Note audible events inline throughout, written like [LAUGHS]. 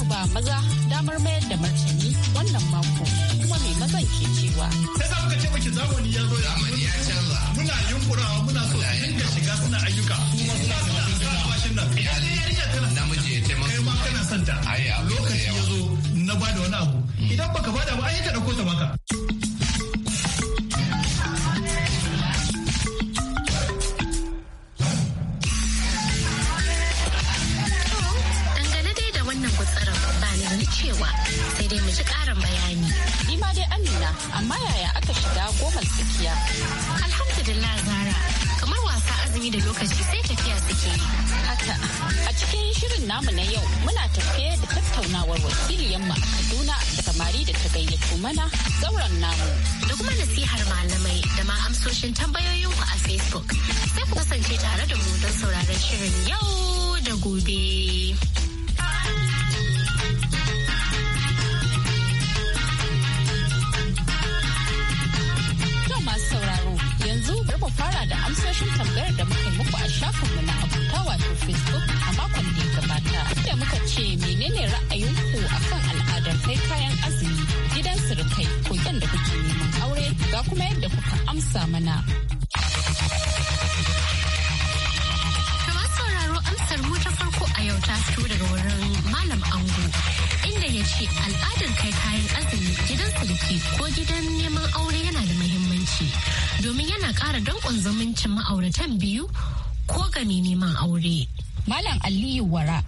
mu ba maza damar mayar da martani wannan mako kuma mai mazan ke cewa. wakiliyan a Kaduna da Kamari da ta gayyato mana zauren namu. Da kuma nasihar malamai da ma amsoshin tambayoyin ku a Facebook. Sai ku kasance tare da mu don sauraron shirin yau da gobe. fara da amsoshin tambayar da muka muku a shafinmu na abuta wato Facebook a makon da ya gabata. Inda muka ce menene ra'ayinku kan al'adar kai kayan azumi gidan surukai ko da kuke neman aure ga kuma yadda kuka amsa mana. amsar mu ta farko a yau ta malam inda yace al'adar kai kayan azumi gidan sulki ko gidan neman aure yana da muhimmanci zumunci domin yana ƙara danƙon zumuncin ma'auratan biyu ko gani neman aure. Malam Aliyu Wara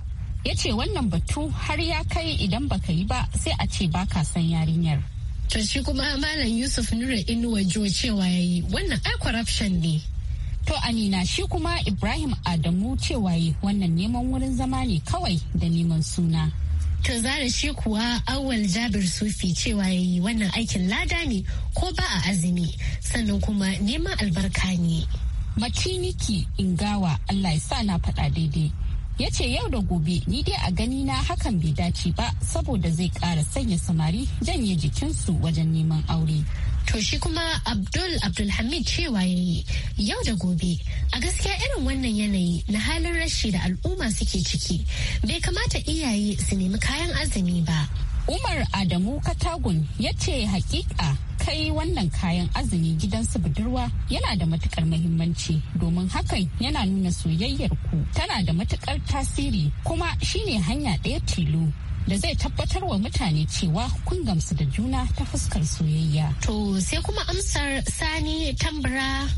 ya ce wannan batu har ya kai idan baka yi ba sai a ce baka san yarinyar. To kuma Malam Yusuf Nura Inuwa Jo cewa ya yi wannan ai corruption ne. To Amina shi kuma Ibrahim Adamu cewa yi wannan neman wurin zama ne kawai da neman suna. To zara shi kuwa awal jabir sufi cewa ya yi wannan aikin lada ne ko ba a azumi sannan kuma neman albarka ne. Maciniki Ingawa Allah ya sa na faɗa daidai. Ya ce yau da gobe ni dai a gani na hakan bai dace ba saboda zai ƙara sanya samari janye jikinsu wajen neman aure. To shi kuma Abdul Abdulhamid cewa ya yi yau da gobe a gaskiya irin wannan yanayi na halin rashi da al'umma suke ciki bai kamata iyaye su nemi kayan azumi ba. Umar Adamu Katagun ya ce hakika kai wannan kayan azumi gidansu budurwa yana da matukar mahimmanci domin hakan yana nuna soyayyar ku tana da matukar tasiri kuma shine hanya ɗaya tilo da zai tabbatar wa mutane cewa kun gamsu da juna ta fuskar soyayya. To sai kuma amsar sani tambara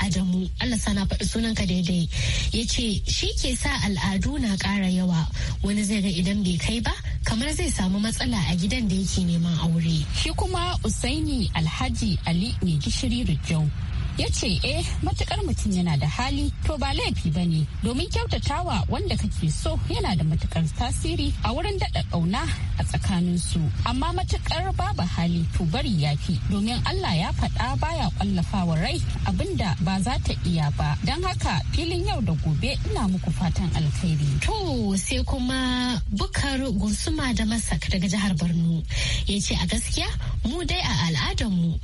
Adamu Allah sana faɗi sunanka daidai ya ce shi ke sa al'adu na ƙara yawa wani zai ga idan bai kai ba kamar zai samu matsala a gidan da yake neman aure. Shi kuma Usaini Alhaji Ali ne gishiri Rijau ya ce eh matukar mutum yana da hali to ba laifi ba ne domin kyautatawa wanda kake so yana da matukar tasiri a wurin daɗa ƙauna a tsakanin su amma matukar babu hali to bari ya fi domin Allah ya faɗa baya ƙwallafawa rai abinda ba za ta iya ba don haka filin yau da gobe ina muku fatan alkhairi. To sai kuma bukar gunsuma da masak daga jihar Borno ya ce a gaskiya mu dai a al'adarmu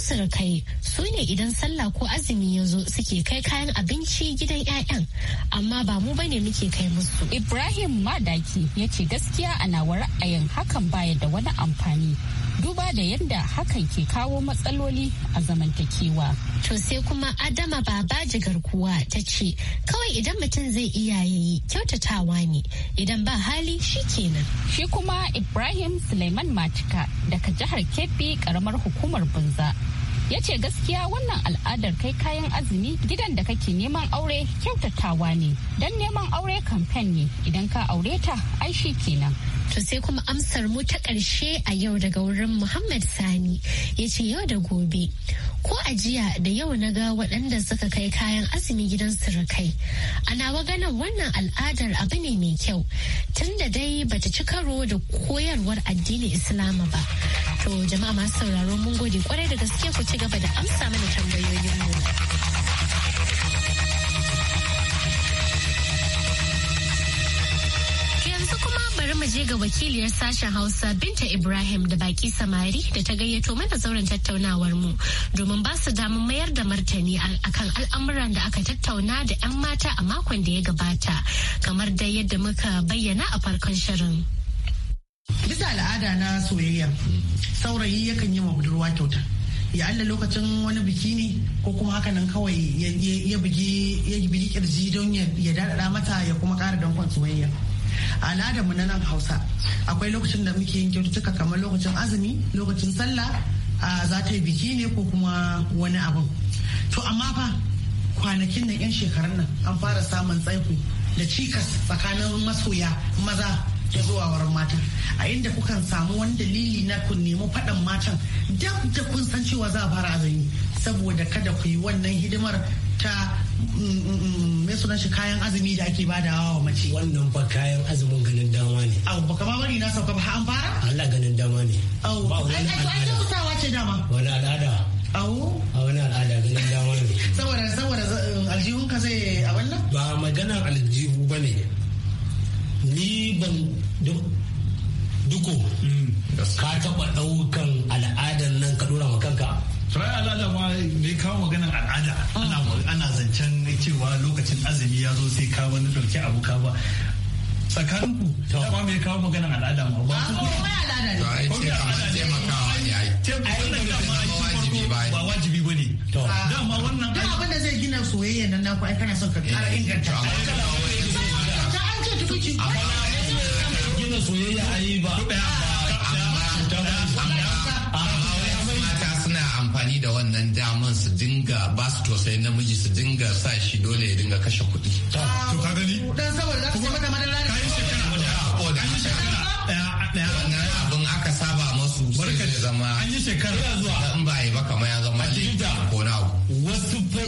su surukai su ne idan sallah ko azumi ya zo suke kai kayan abinci gidan 'ya'yan amma ba mu bane muke kai musu. Ibrahim Madaki ya ce gaskiya ana wa ra'ayin hakan baya da wani amfani duba da yadda hakan ke kawo matsaloli a zamantakewa. To sai kuma Adama Babaji garkuwa ta ce kawai idan mutum zai iya yayi kyautatawa ne idan ba hali shi kenan. Shi kuma Ibrahim Suleiman Matika daga jihar Kebbi karamar hukumar Bunza ya ce gaskiya wannan al'adar kai kayan azumi gidan da kake neman aure kyautatawa ne don neman aure kamfen ne idan ka aure ta ai shi kenan To sai kuma amsar mu ta karshe a yau daga wurin Muhammad Sani ya ce yau da gobe. Ko a jiya da yau na ga waɗanda suka kai kayan azumi gidan surukai. A nawa ganin wannan al'adar abu ne mai kyau tunda dai bata ci karo da koyarwar addinin Islama ba. To jama'a masu sauraro mun gode kwarai da gaske ku ci gaba da amsa mana tambayoyin mu. yanzu kuma bari mu je ga wakiliyar sashen hausa binta ibrahim da baki samari da ta gayyato mana zauren tattaunawar mu domin ba su damar mayar da martani akan al'amuran da aka tattauna da 'yan mata a makon da ya gabata kamar da yadda muka bayyana a farkon shirin. bisa al'ada na soyayya saurayi yakan yi wa budurwa kyauta ya Allah lokacin wani biki ne ko kuma haka nan kawai ya bugi ya bugi kirji don ya dadada mata ya kuma kara dankon soyayya al'adar mu na nan Hausa akwai lokacin da muke yin kyaututtuka kamar lokacin azumi lokacin sallah za ta yi biki ne ko kuma wani abun to amma fa kwanakin nan yan shekarun nan an fara samun tsaiko da cikas tsakanin masoya maza da zuwa wurin mata a inda kukan samu wani dalili na kun nemi faɗan matan duk da kun san cewa za a fara azumi saboda kada ku yi wannan hidimar ta mai mm, mm, mm, sunan shi kayan azumi da ake badawa wa mace wannan ba kayan azumin ganin dama ne au baka ma bari na sauka ba an fara Allah ganin dama ne au ba wani al'ada ai ce dama wani al'ada au a wani al'ada ganin dama ne [LAUGHS] saboda saboda um, aljihun ka zai a wannan ba maganar aljihu bane ni ban duko mm. ka taɓa ɗaukan al'adar nan ka ɗora kanka sai al'ada ma ne kawo maganar al'ada ana mm. zancen cewa lokacin azumi ya zo sai ka wani ɗauki abu ka ba tsakanin ku dama mai kawo maganar al'ada ma ba ku kuma al'ada ne ko ya al'ada ne makawa ne ai wannan dama wajibi ba ba wajibi ba ne. dama wannan duk abin da zai gina soyayya nan na ku ai kana son ka ƙara eh, inganta ta an ce tukuci nuna soyayya a yi ba. amfani da wannan daman su dinga ba su tosai namiji su dinga sa shi dole ya dinga kashe kuɗi. To ka gani? Dan saboda kuma mata madara ne. Kayi shekara. Kayi shekara. Ɗaya Wannan abin aka saba masu sai zai zama. An yi shekara. Ya zuwa. In ba a yi ba kamar ya zama. A ko na Wasu fa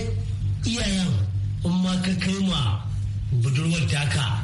iyayen in ma ka kai ma budurwar taka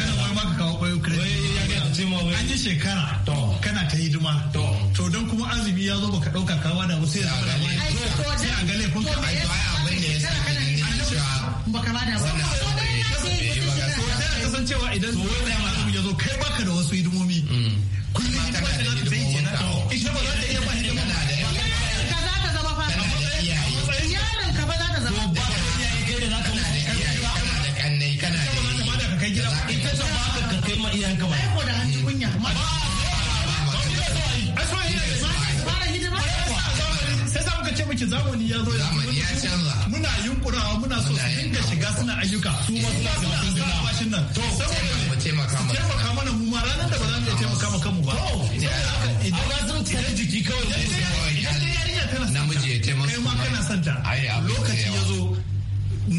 akwai ukraine an yi shekara kana ta hidima to don kuma azumi ya zo baka dauka kawa da wasu ya zama sai a ka ai ba abin da ya sa kana cewa baka ba da cewa idan zamani ya zo zamani ya canza muna yunkurawa muna so su dinga shiga suna ayyuka su ma suna suna suna bashin nan saboda mu taimaka mana taimaka mana mu ma ranar da ba za mu iya taimaka ma kanmu ba idan za su tsare jiki kawai na yarinya tana namiji ya taimaka kai ma kana santa lokaci ya zo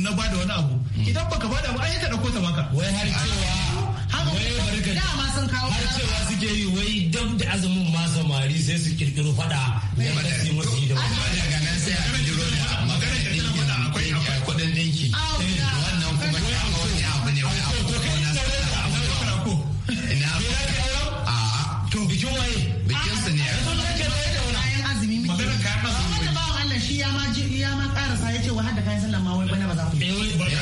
na bada wani abu idan baka bada ba ai ka dauko ta baka wai har cewa dama sun kawo har cewa suke yi wai dab da azumin ma samari sai su kirkiro fada da ba da su yi da wani daga nan sai a kirkiro da magana fada akwai akwai kudin dinki wannan kuma ya wani abu ne wani abu ko na sana ko ina a to bikin waye bikin su ne magana kayan azumi wanda ba Allah shi ya ma ya ma karasa yace wa hadda kayan sallah ma wai bana ba za ku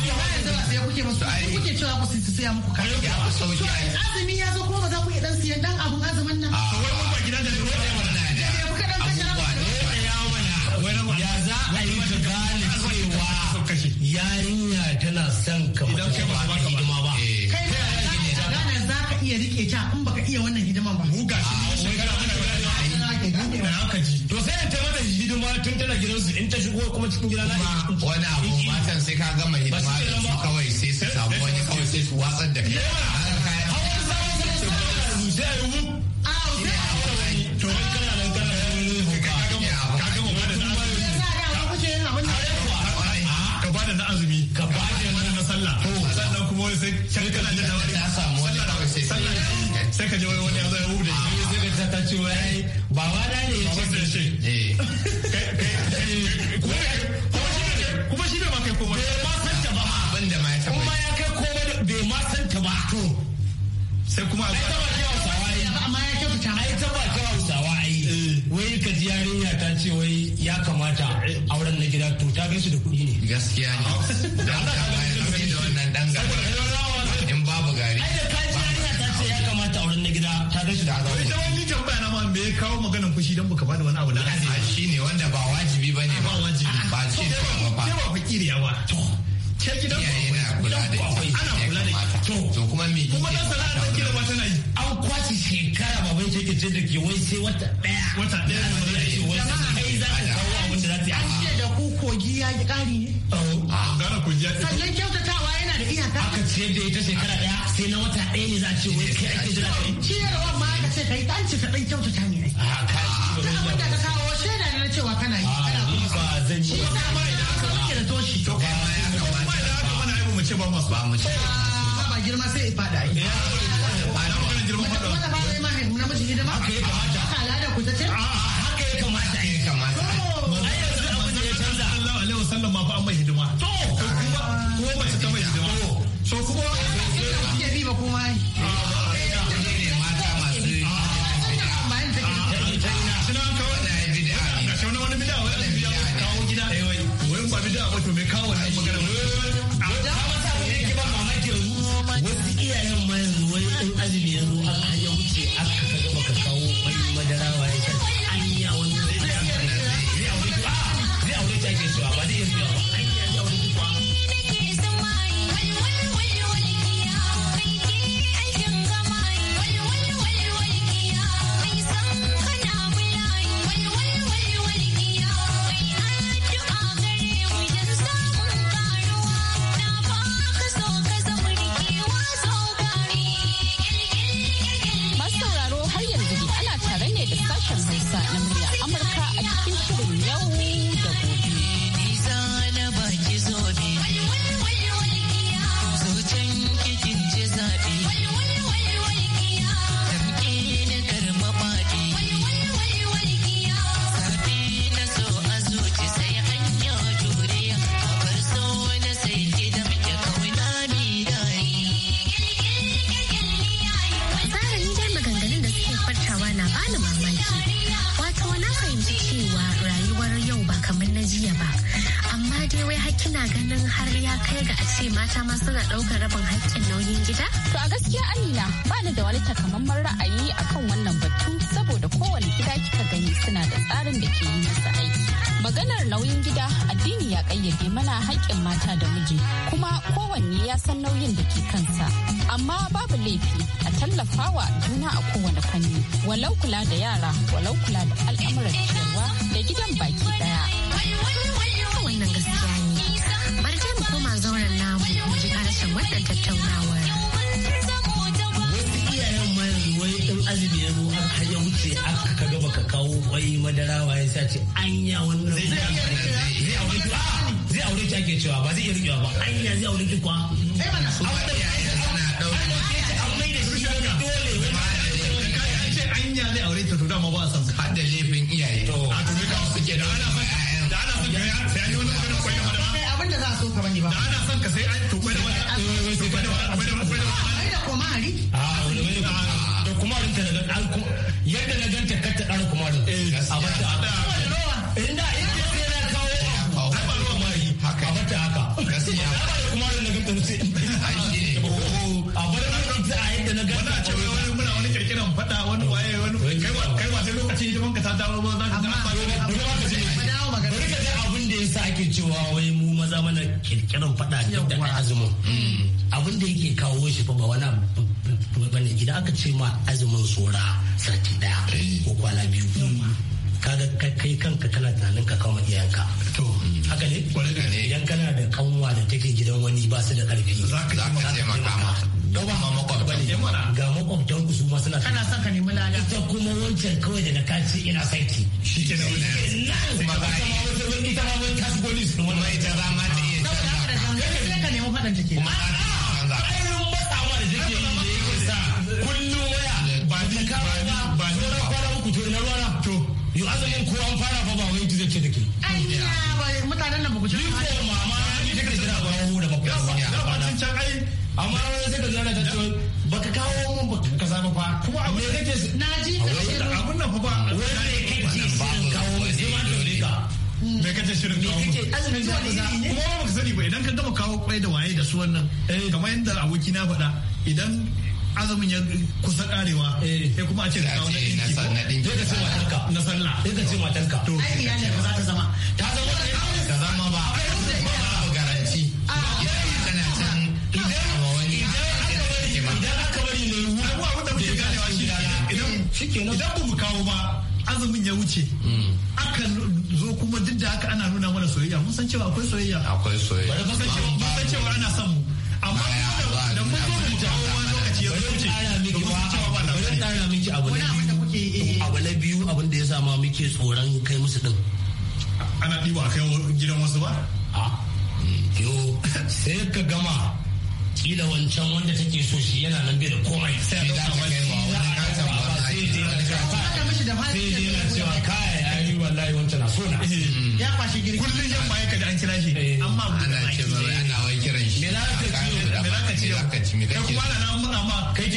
sai kuke musu kuke cewa ku su siya muku kaya ya ku sauki azumi ya zo kuma ba za ku iya dan siyan dan abun azumin nan a ah, wai mun ba gidan da ruwa ya mana da ya kuka dan kashe abubuwa ya za a yi ta gane cewa yarinya tana son ka ba ta hidima ba kai eh. ne za ka iya rike ta in baka iya wannan hidiman ba mu gashi ka ji to sai ta mata hidima tun tana gidansu in ta shigo kuma cikin gida na wani abu matan sai ka gama hidima kawai sai su samu wani kawai sai su watsar da kai abu da azumi shi ne wanda ba wajibi ba ne ba wajibi ba ce ba ba ya ba to ke gidan ba kula da ana kula da to to kuma me kuma da sana'a da an shekara da ke wai sai wata daya wata daya kai za kawo abin da za ta yi an ce da ku kogi ya ki kari oh, ah. gara kogi ya ki sannan kyautatawa yana da iyaka aka ce da ita shekara daya sai na wata daya ne za a ce wai kai ake jira ciyarwa ma aka ce kai ta ce ka dan kyautata cewa kana yi kana ah, kuma ba zan yi ba ba idan aka wanke da toshi to kai ma ya ba idan aka mana yi mu ce ba mu ba mu ce ah, ba girma sai ya fada ai a nan magana girma ba haka ku ta ce a ah, haka ai yanzu abin da ya canza Allah alaihi wasallam ma fa an mai hidima to ko ta mai hidima to kuma ba kuma bida ba to me kawo wannan magana ba. Da wata ne ke ba mamaki Wasu iyayen ma ruwa in azumi ya mata ma suna ɗaukar rabin haƙƙin nauyin gida? To a gaskiya Amina ba ni da wani takamaiman ra'ayi akan wannan batu saboda kowane gida kika gani suna da tsarin da ke yi masa aiki. Maganar nauyin gida addini ya ƙayyade mana haƙƙin mata da miji kuma kowanne ya san nauyin da ke kansa. Amma babu laifi a tallafawa juna a kowane fanni walau kula da yara walau kula da al'amuran ciyarwa da gidan baki ɗaya. kan wannan tattaunawar. Wasu iyayen mayan wai in azumi ya ya wuce aka kaga kawo kwai madara waye sai ce anya wannan zai aure ki ake ah, cewa ba zai iya rikewa ba anya zai aure ki kwa. Allez. magana kirkiran fada da azumin hmm. abin da yake kawo shi fa ba wani bane idan aka ce ma azumin tsora sati daya eh. ko kwana biyu kaga kai kanka kana tunanin ka kama iyayenka to haka ne idan kana da kanwa da take gidan wani ba su da karfi za ka taimaka ma don ba makwabtan ga makwabtan ku su ma suna kana son ka nemi lada ita kuma wancan kawai da ka ce ina saiti shi ke da wani kuma ba ita ma wani tasgoli su kuma ita ba ma madan take kuma ainihin matsawa da take yi da yake sa kullum waya ba ni ka ba ni ba kwana to na ruwa to yau azumin ko an fara fa ba wai ki ce da ke mutanen da ba ku ci ni ko mama ni take jira ba mu da ba ku ba nan can ai amma sai da zara ta ce baka kawo mun baka kaza fa kuma abu ne kake na ji ka abun nan fa ba wai kake shirin kawo kuma ba ka sani ba idan ka gama kawo kwai da waye da su wannan eh. kamar yadda aboki na faɗa idan azumin ya kusa karewa eh. sai kuma a ce kawo na dinki ko sai ka ce matarka na sallah sai ka ce matarka to ai iyali ba za ta zama ta zama ta zama ba babu garanti ah, kana can idan aka bari ne da muke ganewa shi idan eh. idan ba mu kawo ba azumin ya wuce hmm. aka zo kuma duk da haka ana nuna mana soyayya mun san cewa akwai soyayya akwai soyayya mun san cewa ana son mu amma da mun zo mu jawo wani lokaci ya wuce bari miki abu na abu na biyu abin da ya sa ma muke tsoron kai musu din ana ɗiba kai gidan wasu ba yo sai ka gama kila wancan wanda take so shi yana nan bai da komai sai da kai ma wani wallahi wancan eh. ya kwashi girki kullun yamma ya kada an kira shi eh. amma ana ce ana wai kiran shi me za ka ci me za ka ci me kuma na kai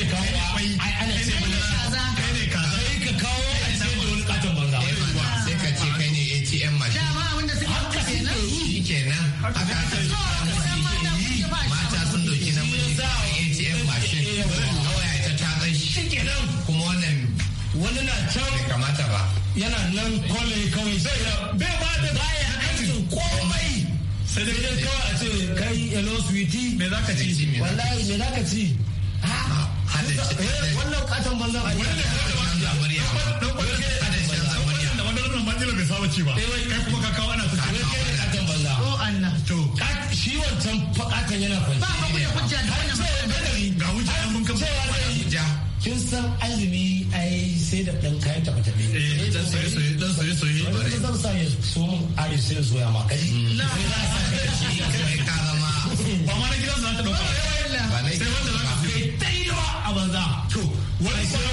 hello sweetie me zaka ci wallahi me ci wannan katon banza a wani da ci ba eh, kai katon banza oh, shi wancan fakatan yana kwanci ba ba ku da hujja da wannan ga hujja mun kan kin san azumi yi sai da ɗan kayan soye soye ari sai ma kai mm. na kara ma ba ma na gidan ta dauka sai wanda sai a banza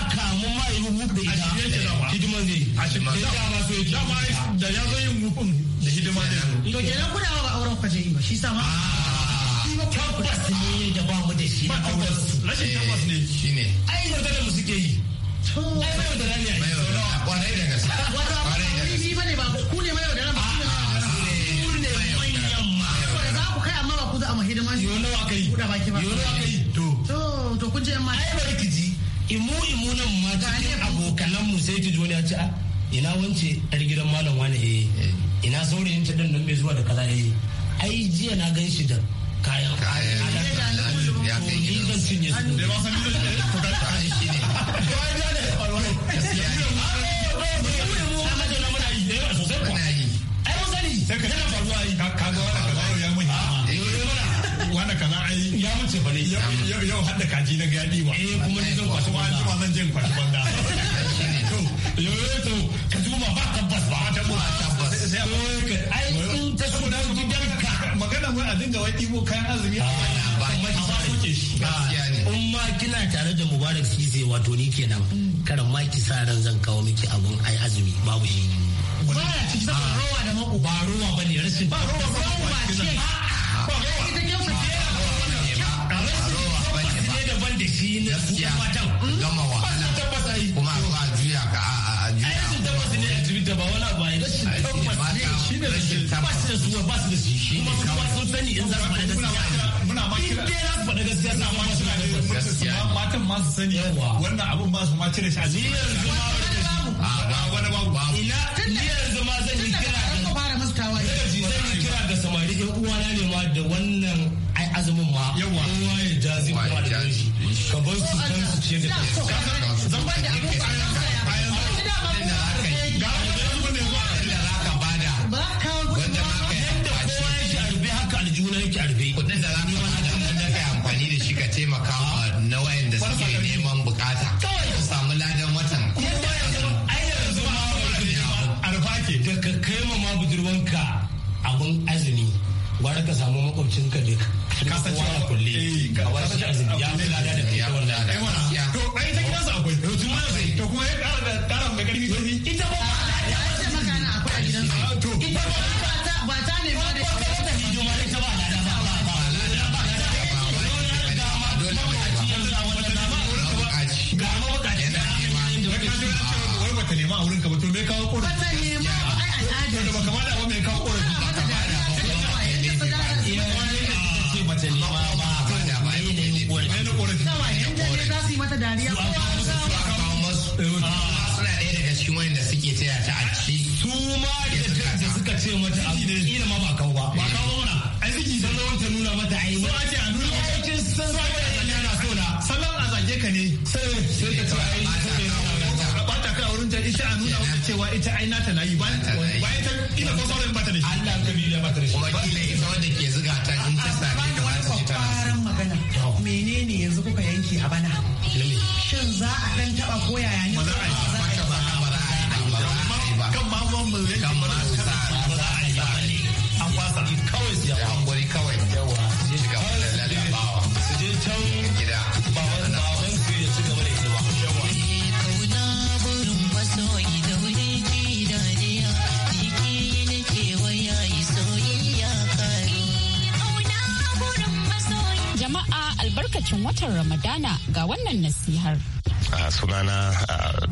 kamun ma yi da ita hidima zai da dama so yake da ya zo yin wufin da hidima zai to kenan kuna ba auren kwaje ba shi sa ah, tabbas ne da ba mu da shi a auren su rashin tabbas ne shine ai yaudara mu suke yi ai mai yaudara ne ai kwarai da gaske wato abu ni bane ba ku ne mai yaudara ba ku ne ah, ah, manyan ma za ku kai a mahidima shi yau to to kun je ma ai barkiji imu imu nan ma cikin abokanan mu sai ki wani ya ce a ah, ina wance yar gidan malam wani eh ina saurin yin dan nan bai zuwa da kaza eh ai jiya na gan shi da kayan ni zan cinye su da ba san ko da ne ce bari yau yau hada kaji na gadi wa eh, kuma ni zan kwashi ba zan zan je kwashi banda [LAUGHS] to yau yau to ka duba ba tabbas ba tabbas tabbas ai in ta so da gidanka magana wai a dinga wai dibo kayan azumi ah, Ba a ba ba soke shi in ma kina tare da mubarak sise wato ni kenan karan ma ki sa ran zan kawo miki abun ai azumi babu shi ba ya ciki saboda ah. rowa da maku ba rowa bane rashin ba rowa ba ce shi ne gama wahala kuma a juya ka a juya ba wani tabbas ne shi ne tabbas da su ba su da shi kuma su ba sun sani in za su gaskiya muna ma kira in gaskiya na ma da gaskiya matan ma su sani wannan abun ba su ma cire shi a yanzu ma ba wani ba ina ni yanzu ma zan yi kira da fara zan yi kira da samari ɗan uwana ne ma da wannan ai azumin ma yawa ya jazi da shi ka bar su kan su ce da kai zan ba da abin baka nema a wurin ka ba to me kawo ko ba ta nema ai al'ada ne ba kamata albarkacin watan Ramadana ga wannan nasihar. Uh, sunana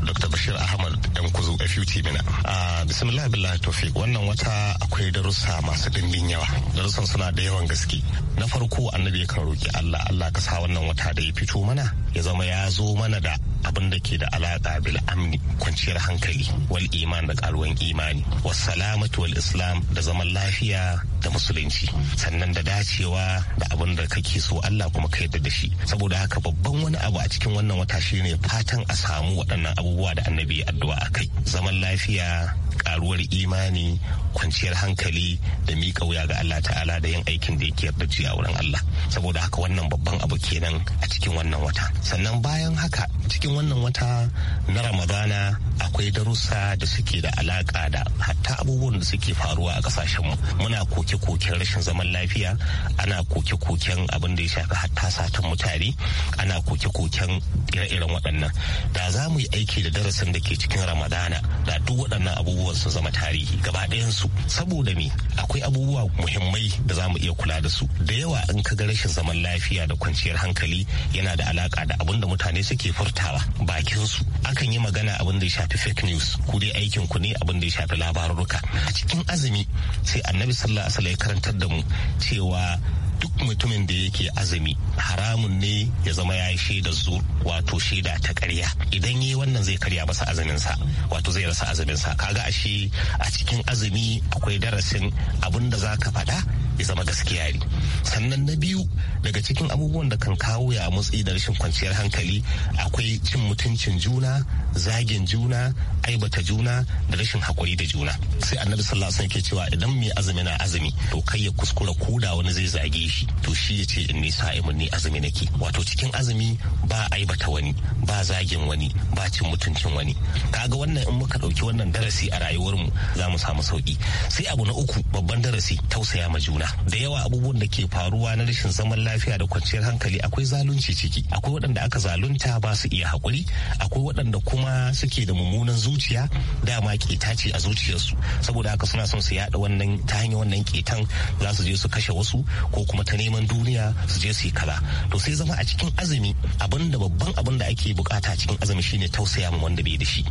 dr bashir ahmad ɗan kuzu a FUT mina a bismillah billahi tawfiq wannan wata akwai darussa masu dindin yawa darussan suna da yawan gaske na farko annabi kan roki allah allah ka sa wannan wata da ya fito mana ya zama ya zo mana da abin da ke da alaƙa bil amni kwanciyar hankali wal iman da karuwan imani wasalamatu wal islam da zaman lafiya da musulunci sannan da dacewa da abin da kake so Allah kuma ka yarda da shi saboda haka babban wani abu a cikin wannan wata shine fatan a samu waɗannan abubuwa da annabi addu'a akai zaman lafiya ƙaruwar imani kwanciyar hankali da miƙa wuya ga Allah ta'ala da yin aikin da yake yarda a wurin Allah saboda haka wannan babban abu kenan a cikin wannan wata sannan bayan haka cikin wannan wata na ramadana akwai darussa da suke da alaka da hatta abubuwan da suke faruwa a kasashen mu muna koke-koken rashin zaman lafiya ana koke-koken abin da ya shafi hatta satan mutane ana koke-koken ire-iren waɗannan da za mu yi aiki da darasin da ke cikin ramadana da duk waɗannan abubuwan su zama tarihi gaba ɗayansu saboda me akwai abubuwa muhimmai da za mu iya kula da su da yawa in ka ga rashin zaman lafiya da kwanciyar hankali yana da alaka da abin da mutane suke furtawa bakin su akan yi magana abin da ya shafi shafi fake news ko dai aikin ku ne abin da ya shafi labarurruka a cikin azumi sai annabi sallallahu alaihi wasallam ya karantar da mu cewa duk mutumin da yake azumi haramun ne ya zama ya yi shaida zur wato shaida ta karya idan yi wannan zai karya masa azuminsa wato zai rasa azuminsa kaga ashe a cikin azumi akwai darasin abin da za ka faɗa ya zama gaskiya ne sannan na biyu daga cikin abubuwan da kan kawo ya mutsi da rashin kwanciyar hankali akwai cin mutuncin juna zagin juna aibata juna da rashin hakuri da juna sai annabi sallallahu alaihi wasallam ke cewa idan mai azumi na azumi to kai ya kuskura koda wani zai zage shi to shi ya ce inni sa'imun ni azumi nake wato cikin azumi ba aibata wani ba zagin wani ba cin mutuncin wani kaga wannan in muka ɗauki wannan darasi a rayuwarmu za mu samu sauki sai abu na uku babban darasi tausaya ma juna da yawa abubuwan da ke faruwa na rashin zaman lafiya da kwanciyar hankali akwai zalunci ciki akwai waɗanda aka zalunta ba su iya haƙuri akwai waɗanda kuma suke da mummunan zuciya dama keta ce a zuciyarsu saboda haka suna son su yaɗa wannan ta hanyar wannan ketan za su je su kashe wasu ko kuma kuma ta neman duniya su je su yi kaza to sai zama a cikin azumi abin da babban abin da ake bukata cikin azumi shine tausaya ma wanda bai da shi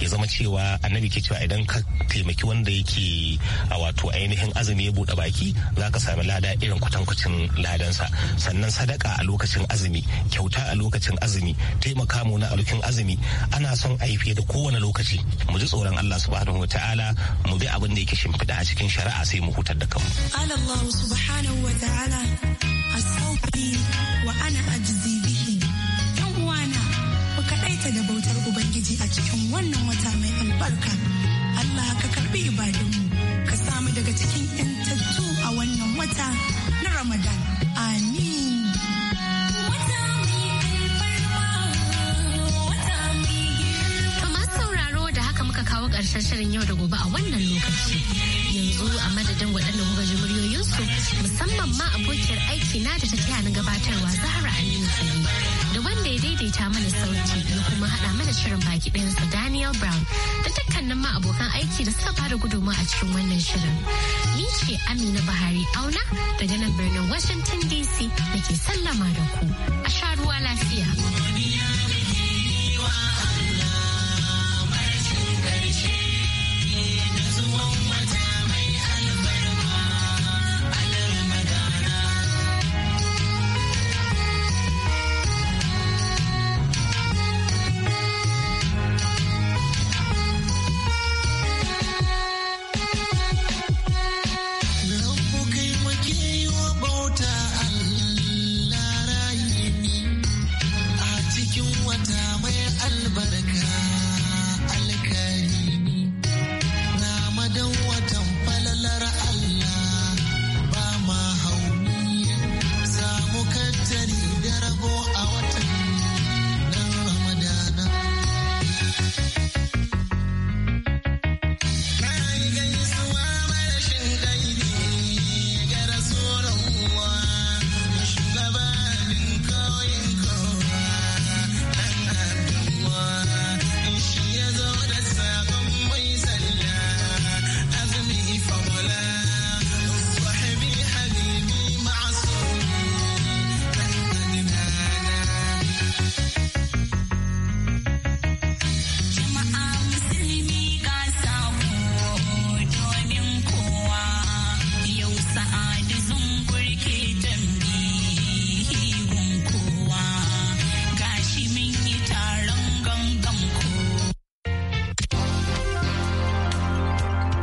ya zama cewa annabi ke cewa idan ka taimaki wanda yake a wato ainihin azumi ya bude baki za ka sami lada irin kwatankwacin ladansa sannan sadaka a lokacin azumi kyauta a lokacin azumi taimaka mu na a lokacin azumi ana son a yi fiye da kowane lokaci mu ji tsoron Allah subhanahu ta'ala mu bi abin da yake shimfiɗa a cikin shari'a sai mu hutar da kanmu. Allah subhanahu wa a sauki wa ana ajizi bihi yan uwana ku kaɗaita da bautar ubangiji a cikin wannan wata mai albarka Allah ka karbi ibadunmu ka samu daga cikin 'yantattu a wannan wata na Ramadan. kawo ƙarshen shirin yau da gobe a wannan lokaci. Yanzu a madadin waɗanda kuka ji muryoyinsu musamman ma abokiyar aiki na da ta taya ni gabatarwa Zahra aliyu Kari. Da wanda ya daidaita mana sauti ya kuma haɗa mana shirin baki ɗayansa Daniel Brown da dukkanin ma abokan aiki da suka bada gudunmawa a cikin wannan shirin. Ni ce Amina Bahari Auna daga nan birnin Washington DC da ke sallama da ku. A sha ruwa lafiya.